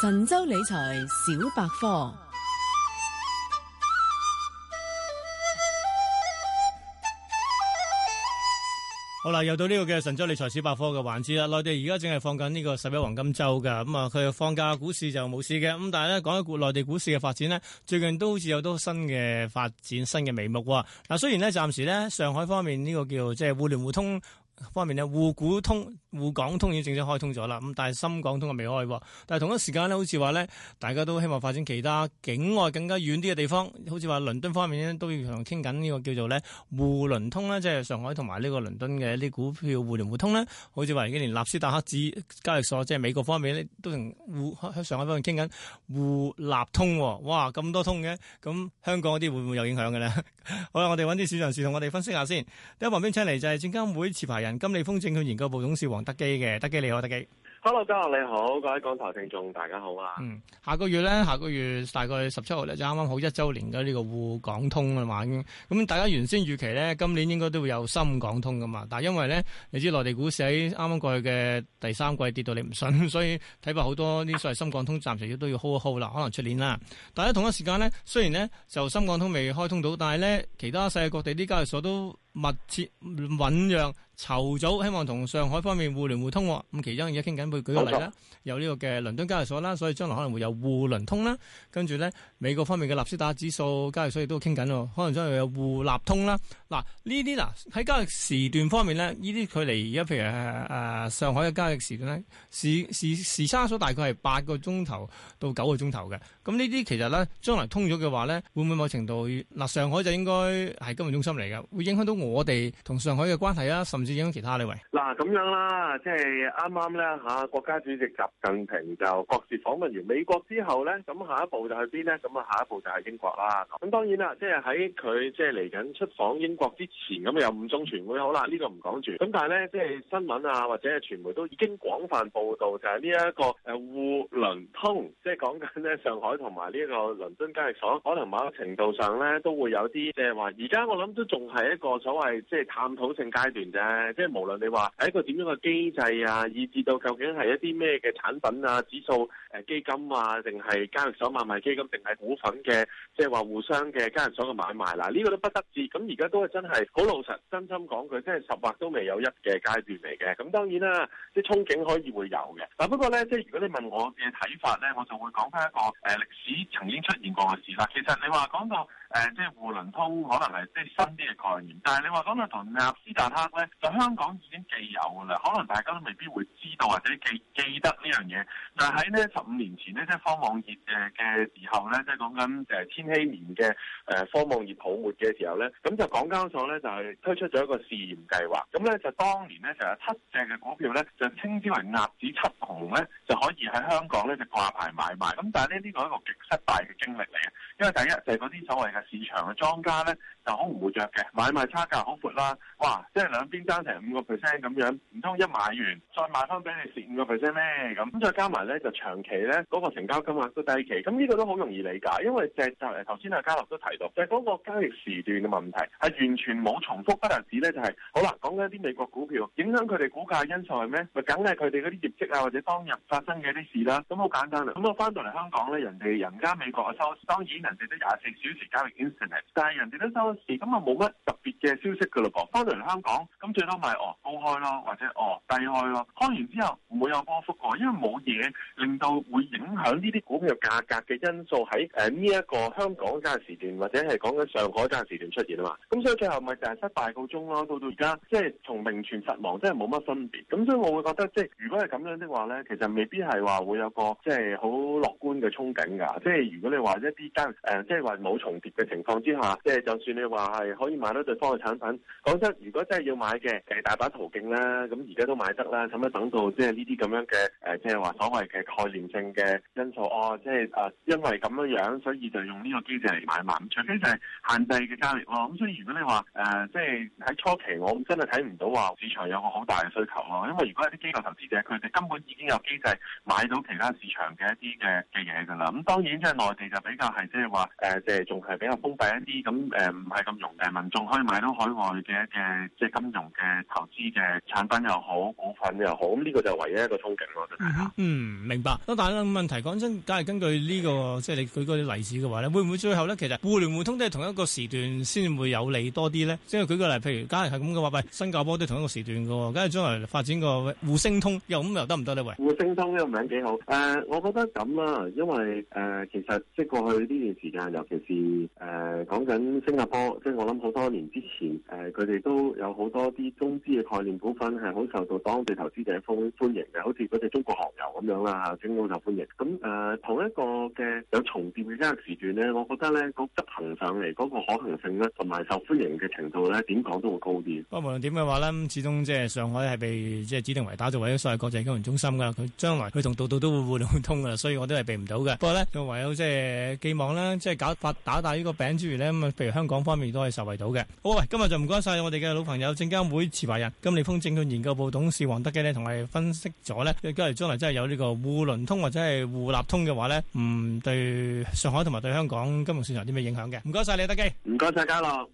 神州理財小百科，好啦，又到呢個嘅神州理財小百科嘅環節啦。內地而家正係放緊呢個十一黃金周噶，咁啊，佢放假股市就冇事嘅。咁但係咧，講一國內地股市嘅發展呢，最近都好似有好多新嘅發展、新嘅眉目。嗱，雖然呢，暫時呢，上海方面呢個叫即係互聯互通。方面呢，滬股通、滬港通已經正式開通咗啦，咁但係深港通啊未開，但係同一時間呢，好似話呢，大家都希望發展其他境外更加遠啲嘅地方，好似話倫敦方面呢，都要同傾緊呢個叫做呢，滬倫通呢，即係上海同埋呢個倫敦嘅呢啲股票互聯互通呢。好似話而家連納斯達克指交易所，即係美國方面呢，都同滬喺上海方面傾緊滬納通，哇咁多通嘅，咁香港嗰啲會唔會有影響嘅呢？ 好啦，我哋搵啲市場事同我哋分析下先，喺旁邊請嚟就係證監會持牌人。金利豐證券研究部董事黃德幾，嘅，德幾你好，德幾，Hello，嘉樂你好，各位港台聽眾大家好啊。嗯，下個月咧，下個月大概十七號咧，就啱啱好一周年嘅呢個滬港通啊嘛，已、嗯、經。咁大家原先預期咧，今年應該都會有深港通噶嘛，但係因為咧，你知內地股市啱啱過去嘅第三季跌到你唔信，所以睇怕好多呢所謂深港通暫時要都要 hold 一 hold 啦，可能出年啦。但係同一時間咧，雖然咧就深港通未開通到，但係咧其他世界各地啲交易所都。密切醖釀籌組，希望同上海方面互聯互通。咁其中而家傾緊，會舉個例啦，有呢個嘅倫敦交易所啦，所以將來可能會有滬倫通啦。跟住咧，美國方面嘅納斯達克指數交易所亦都傾緊咯，可能將來會有滬納通啦。嗱，呢啲嗱喺交易時段方面咧，呢啲距離而家譬如誒上海嘅交易時段咧，時時差所大概係八個鐘頭到九個鐘頭嘅。咁呢啲其實咧，將來通咗嘅話咧，會唔會某程度嗱上海就應該係金融中心嚟嘅，會影響到我哋同上海嘅關係啦，甚至影響其他呢位。嗱咁樣啦，即係啱啱咧吓國家主席習近平就各自訪問國事訪問完美國之後咧，咁下一步就去邊咧？咁啊，下一步就係英國啦。咁當然啦，即係喺佢即係嚟緊出訪英國之前咁，有五中全會好啦，呢個唔講住。咁但係呢，即係新聞啊，或者係傳媒都已經廣泛報道，就係呢一個誒滬倫通，即係講緊呢上海同埋呢個倫敦交易所，可能某個程度上呢都會有啲即係話。而家我諗都仲係一個所謂即係探討性階段啫。即係無論你話係一個點樣嘅機制啊，以至到究竟係一啲咩嘅產品啊、指數誒基金啊，定係交易所買賣基金，定係股份嘅即係話互相嘅交易所嘅買賣。啦，呢個都不得知。咁而家都。真係好老實，真心講句，即係十劃都未有一嘅階段嚟嘅。咁當然啦，啲憧憬可以會有嘅。嗱、啊，不過呢，即係如果你問我嘅睇法呢，我就會講翻一個誒、呃、歷史曾經出現過嘅事啦。其實你話講到。誒、呃，即係滬倫通可能係即係新啲嘅概念，但係你話講到同納斯達克咧，就香港已經既有㗎啦，可能大家都未必會知道或者記記得呢樣嘢。但係喺呢十五年前的呢，即係、呃、科網熱誒嘅時候咧，即係講緊誒千禧年嘅誒科網熱泡沫嘅時候咧，咁就港交所咧就係、是、推出咗一個試驗計劃。咁咧就當年咧就有七隻嘅股票咧就稱之為鴨子七紅咧，就可以喺香港咧就掛牌買賣。咁但係呢，呢個一個極失敗嘅經歷嚟嘅，因為第一就係嗰啲所謂市場嘅莊家咧就好唔會着嘅，買賣差價好闊啦，哇！即係兩邊爭成五個 percent 咁樣，唔通一買完再賣翻俾你蝕五個 percent 咩？咁再加埋咧就長期咧嗰、那個成交金額都低期，咁呢個都好容易理解，因為就就係頭先阿嘉樂都提到，就係、是、嗰個交易時段嘅問題係完全冇重複，不能指咧就係、是、好啦，講緊一啲美國股票影響佢哋股價因素係咩？咪梗係佢哋嗰啲業績啊，或者當日發生嘅啲事啦、啊。咁好簡單啦、啊。咁我翻到嚟香港咧，人哋人家美國收當然人哋都廿四小時交但係人哋都收市，咁啊冇乜特別嘅消息噶咯噃。返到嚟香港咁最多咪、就是、哦高開咯，或者哦低開咯。開完之後唔會有波幅喎，因為冇嘢令到會影響呢啲股票價格嘅因素喺誒呢一個香港間時段，或者係講緊上海間時段出現啊嘛。咁所以最後咪就係失敗告終咯。到到而家即係從名存實亡，即係冇乜分別。咁所以我會覺得即係、就是、如果係咁樣的話咧，其實未必係話會有個即係好樂觀嘅憧憬㗎。即、就、係、是、如果你話一啲間誒，即係話冇重疊。嘅情況之下，即係就算你話係可以買到對方嘅產品，講真，如果真係要買嘅，誒大把途徑啦，咁而家都買得啦，咁樣等到即係呢啲咁樣嘅誒、呃，即係話所謂嘅概念性嘅因素，哦，即係誒、呃，因為咁樣樣，所以就用呢個機制嚟買嘛。咁除非就係限制嘅交易咯。咁、哦、所以如果你話誒、呃，即係喺初期，我真係睇唔到話市場有個好大嘅需求咯、哦。因為如果係啲機構投資者佢哋根本已經有機制買到其他市場嘅一啲嘅嘅嘢㗎啦。咁、嗯、當然即係內地就比較係即係話誒，即係、呃、仲係比較封閉一啲咁誒，唔係咁容誒，民眾可以買到海外嘅嘅、嗯、即係金融嘅投資嘅產品又好，股份又好，咁呢個就係唯一一個衝擊咯，我覺得係嗯，嗯，明白。咁但係咧問題講真，梗係根據呢個即係你舉啲例子嘅話咧，會唔會最後咧其實互聯互通都係同一個時段先會有利多啲咧？即係舉個例，譬如假如係咁嘅話，喂，新加坡都同一個時段嘅喎，梗係將來發展個互星通又咁又得唔得咧？喂，互星通呢個名幾好？誒、呃，我覺得咁啊，因為誒、呃、其實即係過去呢段時間，尤其是誒，講緊新加坡，即係我諗好多年之前，誒佢哋都有好多啲中資嘅概念股份係好受到當地投資者歡迎嘅，好似嗰隻中國航油咁樣啦嚇，整到受歡迎。咁、嗯、誒、呃、同一個嘅有重疊嘅時段咧，我覺得咧嗰執行上嚟嗰個可行性咧，同埋受歡迎嘅程度咧，點講都會高啲。不過無論點嘅話咧，始終即係上海係被即係指定為打造為一個世界國際金融中心㗎。佢將來佢同度度都會互聯互通㗎啦，所以我都係避唔到嘅。不過咧就唯有即係寄望啦，即係搞發打大。那個餅之餘咧，咁啊，譬如香港方面都係受惠到嘅。好，喂，今日就唔該晒我哋嘅老朋友，證監會持牌人金利豐證券研究部董事黃德幾咧，同我哋分析咗咧，今日將來真係有呢個滬倫通或者係滬納通嘅話咧，唔對上海同埋對香港金融市場有啲咩影響嘅？唔該晒你，德幾，唔該晒嘉樂。